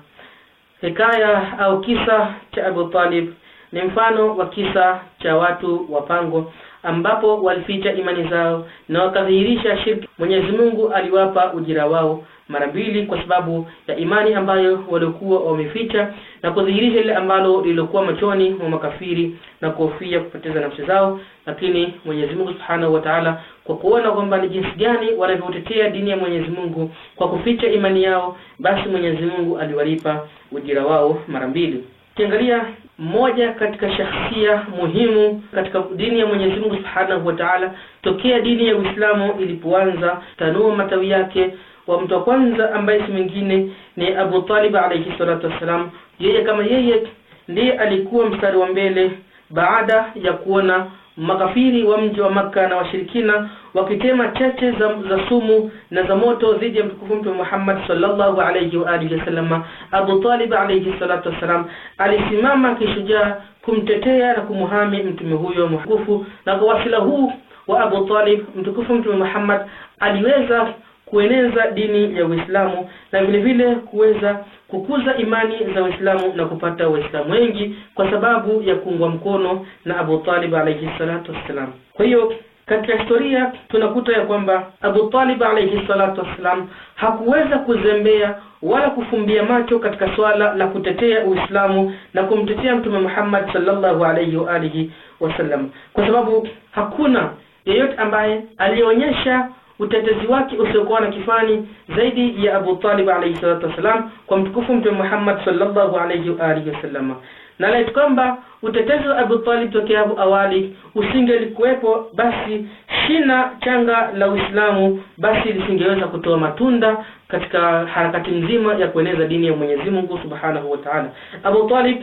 hikaya au kisa cha Abu Talib ni mfano wa kisa cha watu wapango ambapo walificha imani zao na wakadhihirisha shirki. Mwenyezi Mungu aliwapa ujira wao mara mbili kwa sababu ya imani ambayo waliokuwa wameficha na kudhihirisha lile ambalo lililokuwa machoni mwa makafiri na kuhofia kupoteza nafsi zao lakini Mwenyezi Mungu Subhanahu wa Ta'ala kwa kuona kwamba ni jinsi gani wanavyotetea dini ya Mwenyezi Mungu kwa kuficha imani yao basi Mwenyezi Mungu aliwalipa ujira wao mara mbili Ukiangalia mmoja katika shahsia muhimu katika dini ya Mwenyezi Mungu Subhanahu wa Ta'ala tokea dini ya Uislamu ilipoanza tanua matawi yake wa mtu wa kwanza ambaye si mwingine ni Abu Talib alayhi salatu wassalam. Yeye kama yeye ndiye alikuwa mstari wa mbele baada ya kuona makafiri wa mji wa Makka na washirikina wakitema chache za, za sumu na za moto dhidi ya mtukufu Mtume Muhammad sallallahu alayhi wa alihi wasallam. Abu Talib alayhi salatu wassalam alisimama kishujaa kumtetea na kumuhami mtume huyo mtukufu, na kwa wasila huu wa Abu Talib mtukufu Mtume Muhammad aliweza kueneza dini ya Uislamu na vile vile kuweza kukuza imani za Uislamu na kupata Waislamu wengi kwa sababu ya kuungwa mkono na Abu Talib alayhi salatu wassalam. Kwa hiyo katika historia tunakuta ya kwamba Abu Talib alayhi salatu wassalam hakuweza kuzembea wala kufumbia macho katika swala la kutetea Uislamu na kumtetea Mtume Muhammad sallallahu alayhi wa alihi wasallam, kwa sababu hakuna yeyote ambaye alionyesha utetezi wake usiokuwa na kifani zaidi ya Abu Talib alayhi salatu wasalam kwa mtukufu Mtume Muhammad sallallahu alayhi wa alihi wasallam na laiti kwamba utetezi wa Abu Talib tokea hapo awali usingelikuwepo, basi shina changa la Uislamu basi lisingeweza kutoa matunda katika harakati nzima ya kueneza dini ya Mwenyezi Mungu Subhanahu wa Ta'ala. Abu Talib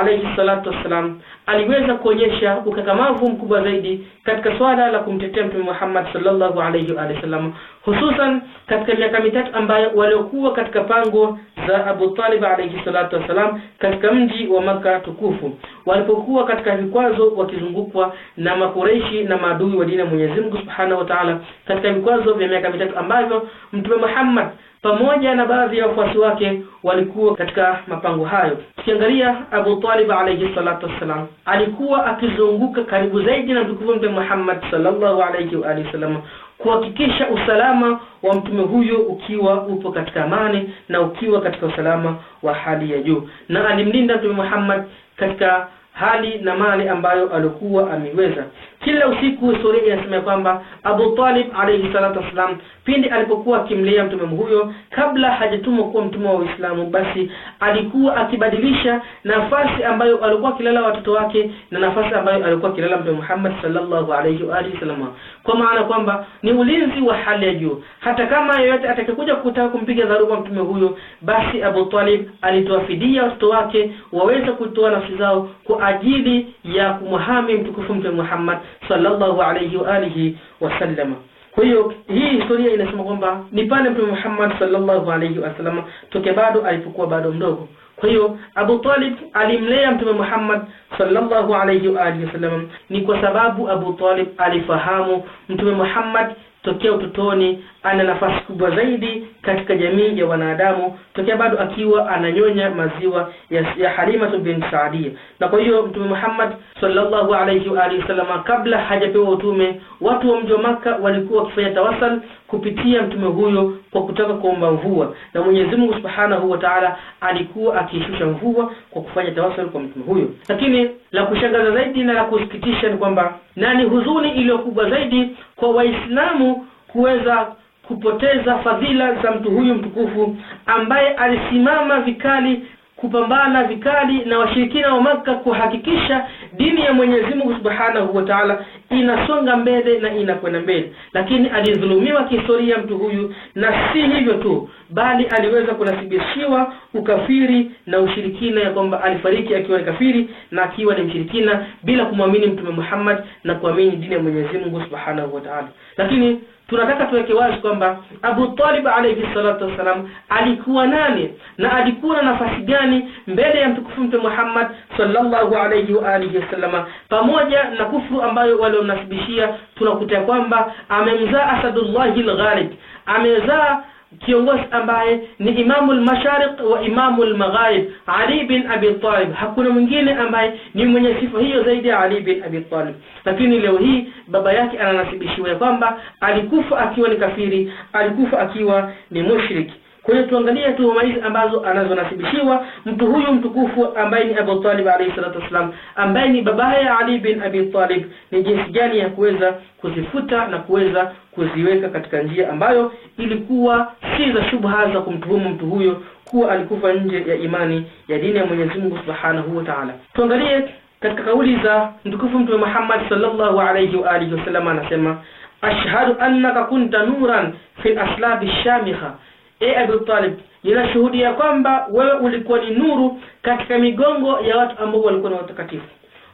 alayhi salatu wassalam aliweza kuonyesha ukakamavu mkubwa zaidi katika swala la kumtetea mtume Muhammad sallallahu alayhi wa sallam hususan katika miaka mitatu ambayo waliokuwa katika pango za Abu Talib alayhi salatu wassalam katika mji wa maka tukufu walipokuwa katika vikwazo wakizungukwa na makureishi na maadui wa dini ya Mwenyezi Mungu Subhanahu wa Ta'ala katika vikwazo vya miaka mitatu ambavyo mtume Muhammad pamoja na baadhi ya wafuasi wake walikuwa katika mapango hayo. Ukiangalia Abu Talib alayhi salatu wassalam alikuwa akizunguka karibu zaidi na mtukufu Mtume Muhammad sallallahu alayhi wa alihi wasallam kuhakikisha usalama wa mtume huyo ukiwa upo katika amani na ukiwa katika usalama wa hali ya juu, na alimlinda Mtume Muhammad katika hali na mali ambayo alikuwa ameweza. Kila usiku historia inasema kwamba Abu Talib alayhi salatu wasalam pindi alipokuwa akimlea mtume huyo kabla hajatumwa kuwa mtume wa Uislamu, basi alikuwa akibadilisha nafasi ambayo alikuwa akilala watoto wake na nafasi ambayo alikuwa akilala mtume Muhammad sallallahu alayhi wa alihi wasallam, kwa maana kwamba ni ulinzi wa hali ya juu. Hata kama yeyote atakayekuja kutaka kumpiga dharuba mtume huyo, basi Abu Talib alitoa fidia watoto wake waweze kutoa nafsi zao kwa ajili ya kumhami mtukufu mtume Muhammad sallallahu alayhi wa alihi wasallam. Kwa hiyo hii historia inasema kwamba ni pale Mtume Muhammad sallallahu alayhi wasallam toke bado alipokuwa bado mdogo. Kwa hiyo Abu Talib alimlea Mtume Muhammad sallallahu alayhi wa alihi wasallam, ni kwa sababu Abu Talib alifahamu Mtume Muhammad tokea utotoni ana nafasi kubwa zaidi katika jamii ya wanadamu tokea bado akiwa ananyonya maziwa ya, ya Halima bin Saadia. Na kwa hiyo Mtume Muhammad sallallahu alayhi wa alihi wasallam, kabla hajapewa utume, watu wa mji wa Maka walikuwa wakifanya tawassul kupitia mtume huyo kwa kutaka kuomba mvua, na Mwenyezi Mungu Subhanahu wa Ta'ala alikuwa akishusha mvua kwa kufanya tawassul kwa mtume huyo. Lakini la kushangaza zaidi na la kusikitisha ni kwamba, na ni huzuni iliyo kubwa zaidi kwa Waislamu kuweza kupoteza fadhila za mtu huyu mtukufu ambaye alisimama vikali kupambana vikali na washirikina wa Makka kuhakikisha dini ya Mwenyezi Mungu Subhanahu wa Ta'ala inasonga mbele na inakwenda mbele, lakini alidhulumiwa kihistoria mtu huyu, na si hivyo tu, bali aliweza kunasibishiwa ukafiri na ushirikina, ya kwamba alifariki akiwa ni kafiri na akiwa ni mshirikina bila kumwamini Mtume Muhammad na kuamini dini ya Mwenyezi Mungu Subhanahu wa Ta'ala, lakini tunataka tuweke wazi kwamba Abu Talib alayhi salatu wassalam alikuwa nani na alikuwa na nafasi gani mbele ya mtukufu Mtume Muhammad sallallahu alayhi wa alihi wasallama. Pamoja na kufuru ambayo waliomnasibishia, tunakuta kwamba amemzaa Asadullahi al-Ghalib, amezaa kiongozi ambaye ni imamu al-mashariq wa imamu al-magharib Ali bin Abi Talib. Hakuna mwingine ambaye ni mwenye sifa hiyo zaidi ya Ali bin Abi Talib, lakini leo hii baba yake ananasibishiwa ya kwamba alikufa akiwa ni kafiri, alikufa akiwa ni mushriki kwa hiyo tuangalie tu hizi ambazo anazonasibishiwa mtu huyu mtukufu ambaye ni Abu Talib alayhi salatu wasallam ambaye ni babaye Ali bin Abi Talib ni jinsi gani ya kuweza kuzifuta na kuweza kuziweka katika njia ambayo ilikuwa si za shubha za kumtuhumu mtu huyo kuwa alikufa nje ya imani ya dini ya Mwenyezi Mungu Subhanahu wa Ta'ala tuangalie katika kauli za mtukufu mtume Muhammad sallallahu alayhi wa alihi wasallam anasema ashhadu annaka kunta nuran fil aslabi shamikha e Abu Talib ninashuhudia kwamba wewe ulikuwa ni nuru katika migongo ya watu ambao walikuwa na watakatifu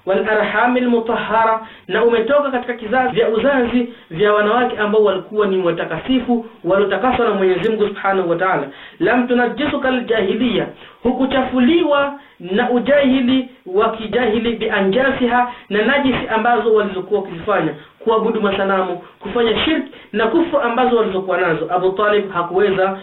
wal walarhami mutahhara, na umetoka katika kizazi vya uzazi vya wanawake ambao walikuwa ni watakatifu waliotakaswa na Mwenyezi Mungu Subhanahu wa Ta'ala lam tunajisuka jahiliya, hukuchafuliwa na ujahili wa kijahili bianjasiha na najisi ambazo walizokuwa wakizifanya kuabudu masanamu kufanya shirki na kufu ambazo walizokuwa nazo Abu Talib hakuweza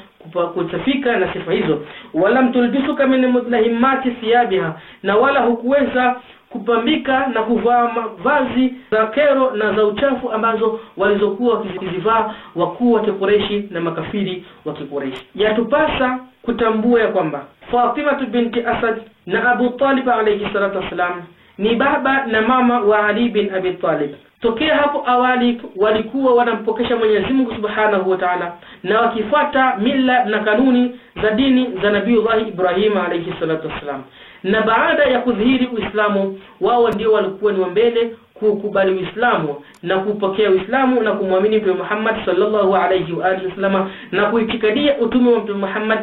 kutafika na sifa hizo wala mtulbisuka min mudlahimati thiyabiha na wala hukuweza kupambika na kuvaa mavazi za kero na za uchafu ambazo walizokuwa wakizivaa wakuu wa Kikureishi na makafiri wa Kikureishi yatupasa kutambua ya kwamba Fatimatu binti Asad na Abu Talib alayhi salatu wassalam ni baba na mama wa Ali bin Abi Talib. Tokea hapo awali walikuwa wanampokesha Mwenyezi Mungu Subhanahu wa Ta'ala na wakifuata mila na kanuni za dini za Nabiiullah Ibrahim alayhi salatu wassalam, na baada ya kudhihiri Uislamu wao ndio walikuwa ni wa mbele kukubali Uislamu na kupokea Uislamu na kumwamini Mtume Muhammad sallallahu alayhi wa alihi wasallam na kuitikadia utume wa Mtume Muhammad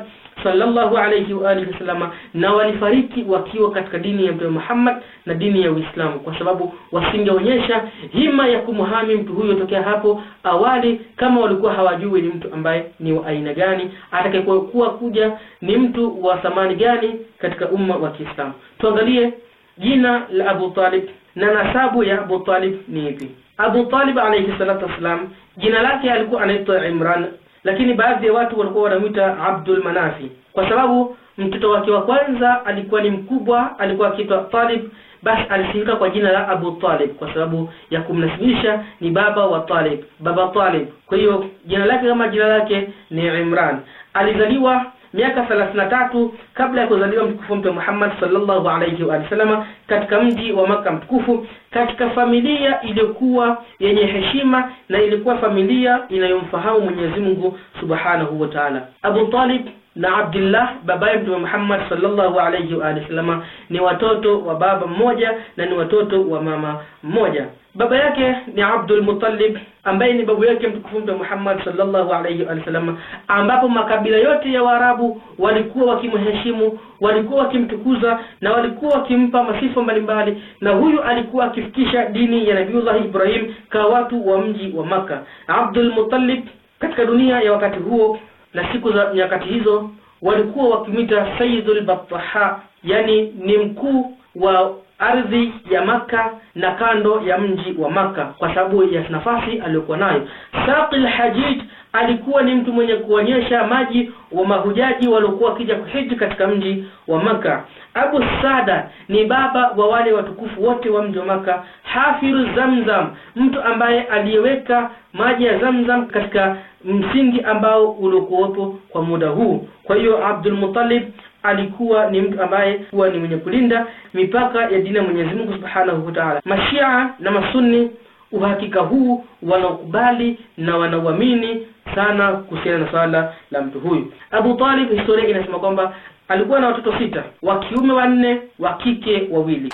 sallallahu alayhi wa alihi wasallam na walifariki wakiwa katika dini ya Mtume Muhammad na dini ya Uislamu, kwa sababu wasingeonyesha hima ya kumhami mtu huyo tokea hapo awali, kama walikuwa hawajui ni mtu ambaye ni wa aina gani, atakayekuwa kuja ni mtu wa thamani gani katika umma wa Kiislamu. Tuangalie jina la Abu Talib na nasabu ya Abu Talib ni ipi? Abu Talib alayhi salatu wassalam, jina lake alikuwa anaitwa Imran lakini baadhi ya watu walikuwa wanamwita Abdul Manafi kwa sababu mtoto wake wa kwanza alikuwa ni mkubwa, alikuwa akiitwa Talib, basi alisimika kwa jina la Abu Talib kwa sababu ya kumnasibisha ni baba wa Talib, baba Talib. Kwa hiyo jina lake kama jina lake ni Imran. Alizaliwa miaka 33 kabla ya kuzaliwa mtukufu Mtume Muhammad sallallahu alayhi wa sallama katika mji wa Maka mtukufu katika familia iliyokuwa yenye heshima na ilikuwa familia inayomfahamu Mwenyezi Mungu Subhanahu wa Ta'ala. Abu Talib na Abdullah babaye Mtume Muhammad sallallahu alayhi wa sallama ni watoto wa baba mmoja na ni watoto wa mama mmoja baba yake ni Abdul Muttalib ambaye ni babu yake mtukufu Mtume Muhammad sallallahu wa sallam ambapo makabila yote ya Waarabu walikuwa wakimheshimu, walikuwa wakimtukuza na walikuwa wakimpa masifa mbalimbali, na huyu alikuwa akifikisha dini ya Nabiullah Ibrahim kwa watu wa mji wa Maka. Abdul Muttalib katika dunia ya wakati huo na siku za nyakati hizo walikuwa wakimwita Sayyidul battaha yani ni mkuu wa ardhi ya Maka na kando ya mji wa Maka kwa sababu ya nafasi aliyokuwa nayo. Saqil Hajij alikuwa ni mtu mwenye kuonyesha maji wa mahujaji waliokuwa kija kuhiji katika mji wa Maka. Abu Sada ni baba wa wale watukufu wote wa mji wa Maka. Hafiru Zamzam, mtu ambaye aliyeweka maji ya Zamzam katika msingi ambao uliokuwepo kwa muda huu. Kwa hiyo Abdul Muttalib alikuwa ni mtu ambaye huwa ni mwenye kulinda mipaka ya dini ya Mwenyezi Mungu Subhanahu wa Ta'ala. Mashia na Masunni uhakika huu wanaokubali na wanauamini sana kuhusiana na swala la mtu huyu. Abu Talib, historia inasema kwamba alikuwa na watoto sita, wa kiume wanne, wa kike wawili.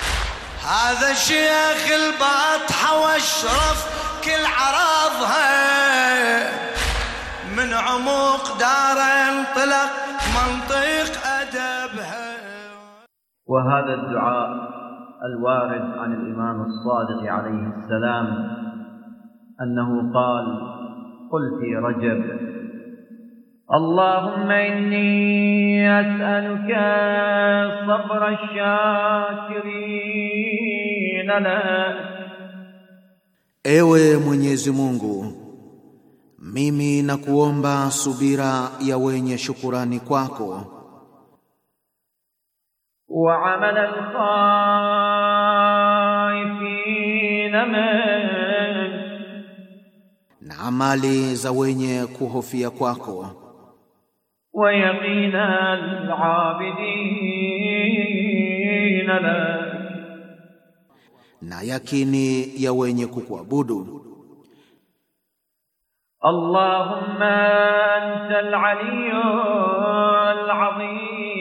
hadha shaykh albatha wa ashraf kil aradha min umuq dara intilaq mantiq وهذا الدعاء الوارد عن الإمام الصادق عليه السلام أنه قال قل في رجب اللهم إني أسألك صبر الشاكرين لك Ewe Mwenyezi Mungu, mimi nakuomba subira ya wenye shukurani kwako وعمل الخائفين منك na amali za wenye kuhofia kwako wa na yakini ya wenye kukuabudu Allahumma anta al azim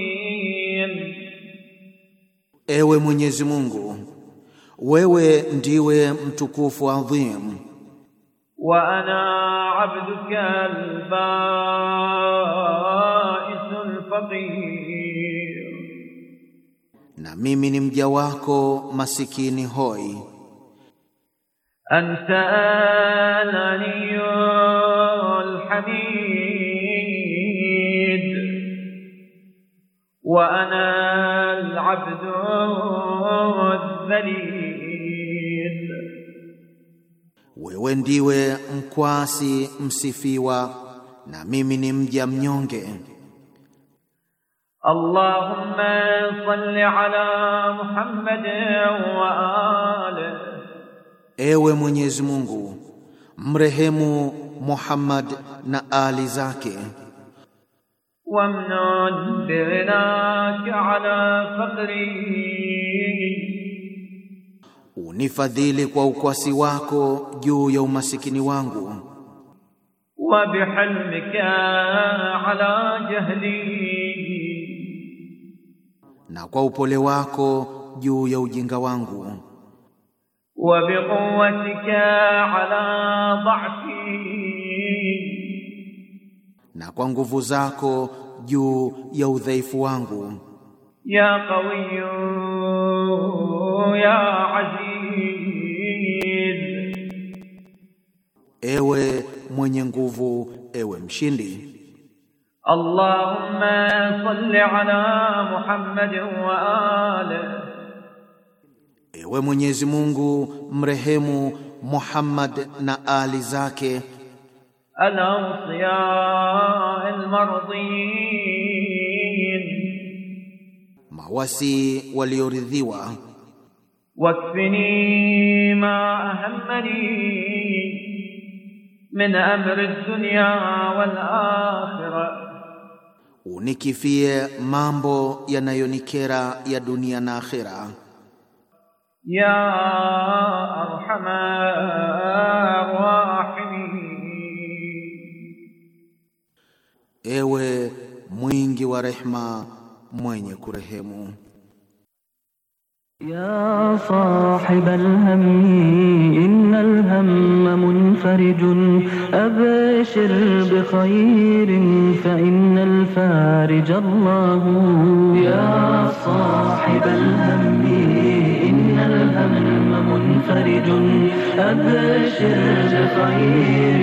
Ewe Mwenyezi Mungu, wewe ndiwe mtukufu adhim. Wa ana abduka albaisul faqir, na mimi ni mja wako masikini hoi. Anta aliyul hamid wa ana العبد الذليل wewe ndiwe mkwasi msifiwa na mimi ni mja mnyonge Allahumma salli ala Muhammad wa alihi Ewe Mwenyezi Mungu mrehemu Muhammad na ali zake وامنع بغناك على فقري unifadhili kwa ukwasi wako juu ya umasikini wangu, wa bihalmika ala jahli, na kwa upole wako juu ya ujinga wangu, wa biquwwatika ala dha'fi na kwa nguvu zako juu ya udhaifu wangu. Ya Qawiyyu ya Aziz, ewe mwenye nguvu, ewe mshindi. Allahumma salli ala Muhammad wa alihi, ewe Mwenyezi Mungu mrehemu Muhammad na ali zake الأوصياء المرضين mawasi walioridhiwa wakfini ma ahammani min amri dunya wal unikifie mambo yanayonikera ya dunia na akhira ya arhamar ewe mwingi wa rehma, mwenye kurehemu. يا صاحب الهم إن الهم منفرج أبشر بخير فإن الفارج الله يا صاحب الهم إن الهم منفرج أبشر بخير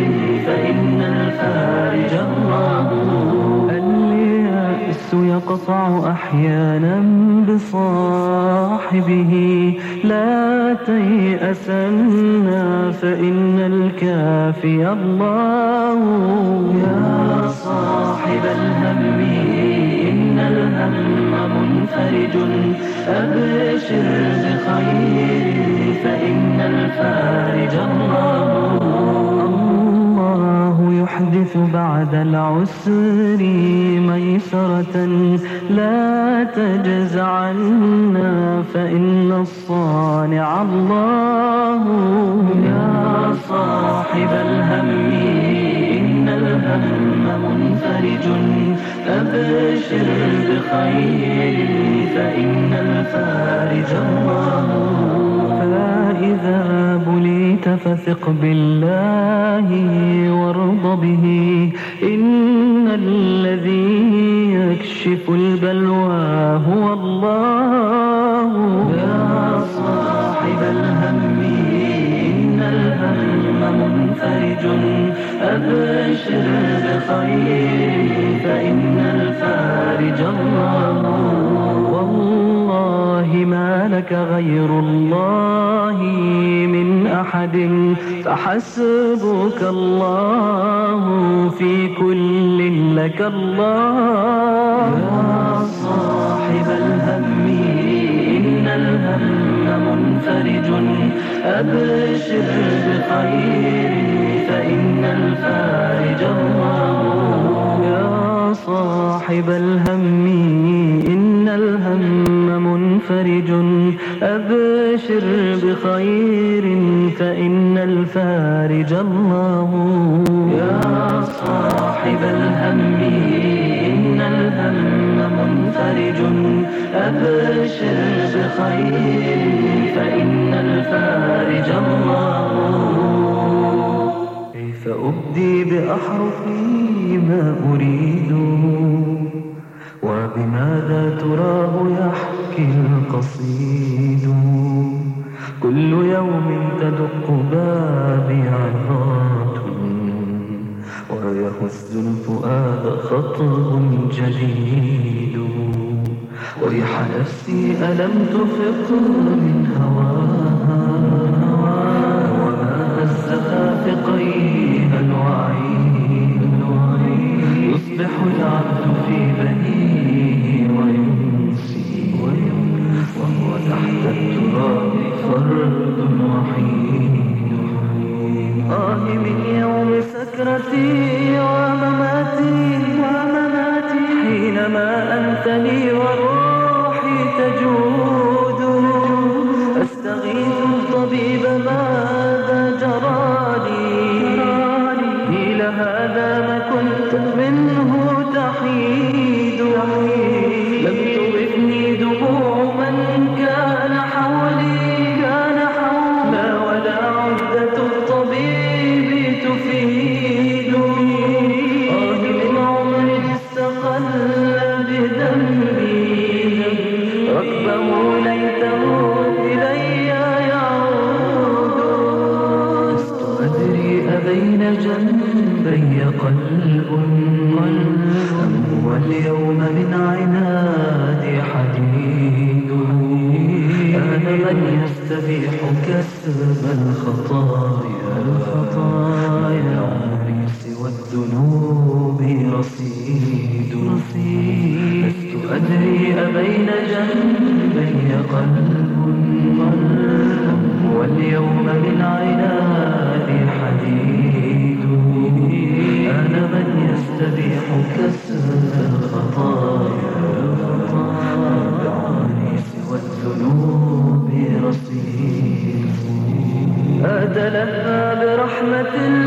فإن الفارج الله النفس يقطع أحيانا بصاحبه لا تيأسنا فإن الكافي الله يا صاحب الهم إن الهم منفرج أبشر بخير فإن الفارج الله يحدث بعد العسر ميسرة لا تجز عنا فإن الصانع الله يا صاحب الهم إن الهم منفرج أبشر بخير فإن الفارج الله إذا بليت فثق بالله وارض به إن الذي يكشف البلوى هو الله يا صاحب الهم إن الهم منفرج أبشر بخير فإن الفارج الله ما لك غير الله من أحد فحسبك الله في كل لك الله يا صاحب الهم إن الهم منفرج أبشر بخير فإن الفارج الله يا صاحب الهم إن الهم منفرج أبشر بخير فإن الفارج الله يا صاحب الهم إن الهم منفرج أبشر بخير فإن الفارج الله كيف أبدي بأحرفي ما أريد وبماذا تراه يحكي القصيد كل يوم تدق بابي عبرات ويهز الفؤاد خطب جديد ويح نفسي ألم تفق من هواك I've been.